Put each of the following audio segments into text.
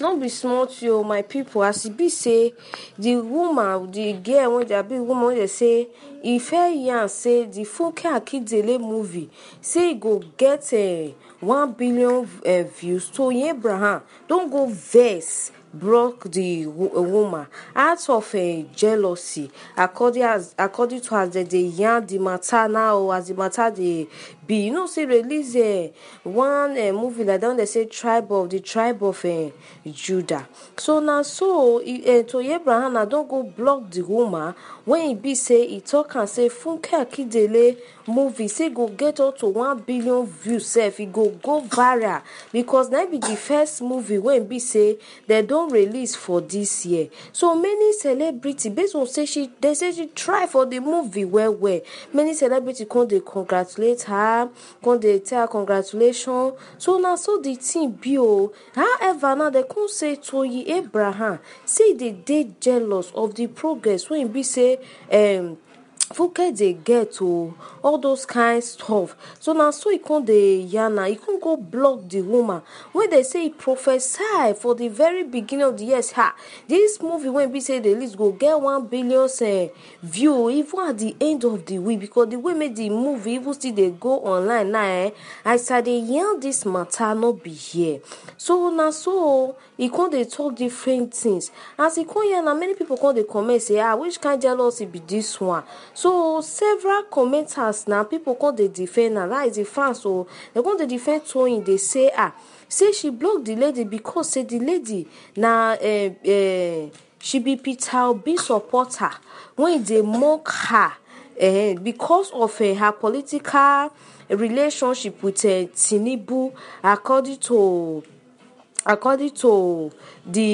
no be small thing o my people, as e be say the woman the girl wey dey be woman wey dey say e first yarn say the funke akindele movie say e go get uh, one billion uh, views toyin abraham don go vex broke the woman out of a jealousy according as according to as dem dey yarn the matter now or as the matter dey be you know say release uh, one uh, movie like that they say tribe of the tribe of uh, eh, judah so now so uh, e, toyebraham na don go block the woman when e be say e talk am say funke akindele movie say go get up to one billion views sef he go go viral because that e be the first movie wey e be say they don't don release for dis year so many celebrity based on say she dem say she try for di movie well well many celebrity come dey congratulate her come dey tell her congratulations so na so di tin be o however now dem come say toyin abraham say e dey dey jealous of di progress wey e be say um Funke dey get o all those kind stuff so na so he come dey yarn am e come go block the woman wey dey say e prophesy for the very beginning of the year Ha! this movie wey be say dey release go get one billion eh view even at the end of the week because the way make the movie even still dey go online now eh as i dey yarn this matter no be here so na so o e come dey talk different things as he come yarn am many people come dey comment say ah which kind jealousy be this one so several commenters na pipo come dey defend her that is di fans o oh. dem come dey defend toyin dey say ah say she block the lady because say the lady na uh, uh, she be peter obi supporter wey e dey mock her uh, because of uh, her political relationship with uh, tinubu according to according to the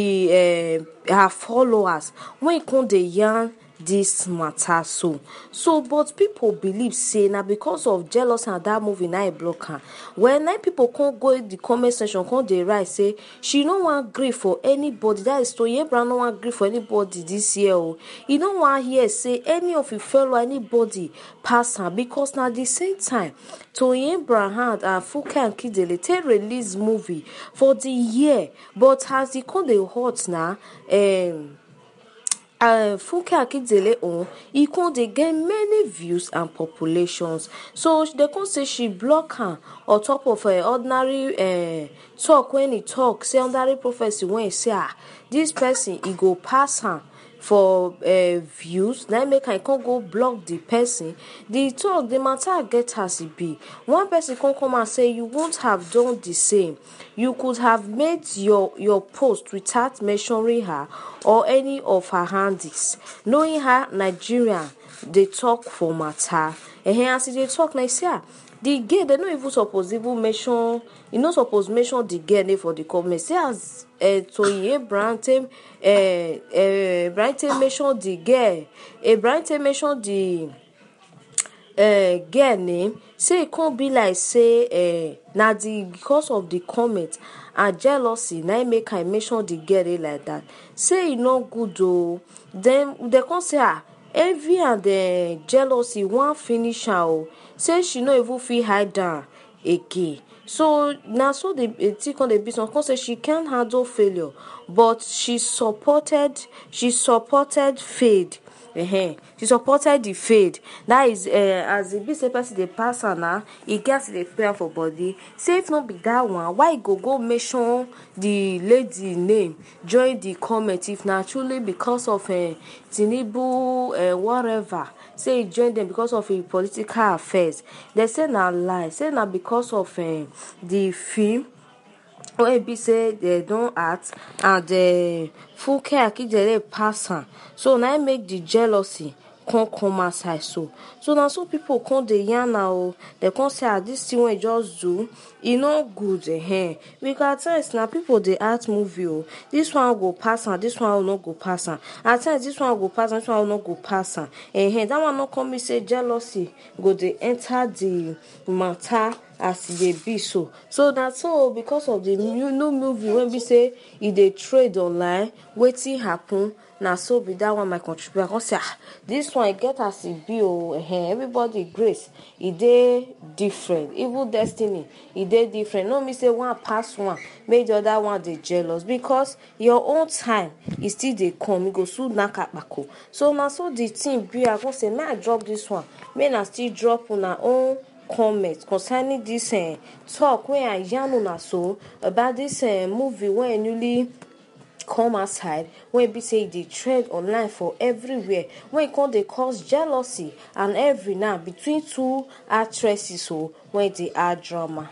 uh, her followers wey e come dey yarn dis matter so so but people believe say na because of jealous and dat movie na e block her. well nine people come go the comment section come dey write say she no wan gree for anybody dat is toyin Brown no wan gree for anybody this year o e no wan hear say any of im fellow anybody pass am because na the same time toyin abraham and funke akindele take release movie for the year but as e come dey hot na. Um, uh, eh, Funke Akindele own, Ikon dey gain many views and populations. So they come say she block her on top of her eh, ordinary uh, talk when he talk, say ordinary prophecy when he say ah, this person he go pass her. for uh, views na make i con go block the person The talk the matter get as e be one person con come out say you won't have done the same you could have made your your post without mentioning her or any of her handies, knowing her nigerian dey talk for matter ehen as e dey talk na e say ah the girl they no even suppose even mention you no suppose mention the girl name for the comment say as uh, Toyin Abraham take uh, uh, eh, Abraham take mention the girl Abraham take mention the uh, eh, girl name say e come be like say uh, na the because of the comment and jealousy na im make i mention the girl name like that say e no good oo oh. then dem come say ah envy and um jealousy wan finish her o say she no even fit hide down again so na so the thing come dey beat am come say she can handle failure but she supported she supported fade uh-huh. she supported the faith that is uh, as the bishop person dey pass am na e get as e dey pray for body say if no be that one why e go go mention the lady name join the comment if na truly because of uh, tinubu uh, whatever say e join them because of im political affairs They say na lie say na because of uh, the film OAB say dem don act and um eh, Funke Akindele pass am so na im make di jealousy come come outside so so na so people come dey yarn am o dem come say ah dis thing wey you just do e no good ehn because at times na pipo dey act movie o this one go pass am this one no go pass am at times this one go pass am this one no go pass am ehn that one no come mean say jealousy go dey enter the matter as e dey be so so na so because of di new movie wey be say e dey trade online wetin happen na so be that one my contributor people come say ah this one get as e be o oh, ehen everybody grace e dey different even destiny e dey different no mean say one pass one make the other one dey jealous because your own time e still dey come e go soon knack akpako so na so the thing be i come say may i drop this one may na still drop una own comment concerning this uh, talk wey i yarn una so about this uh, movie wey i newly come outside wey be say e dey trend online for everywhere wey come dey cause jealousy and every now between two actresses o oh, wey dey add drama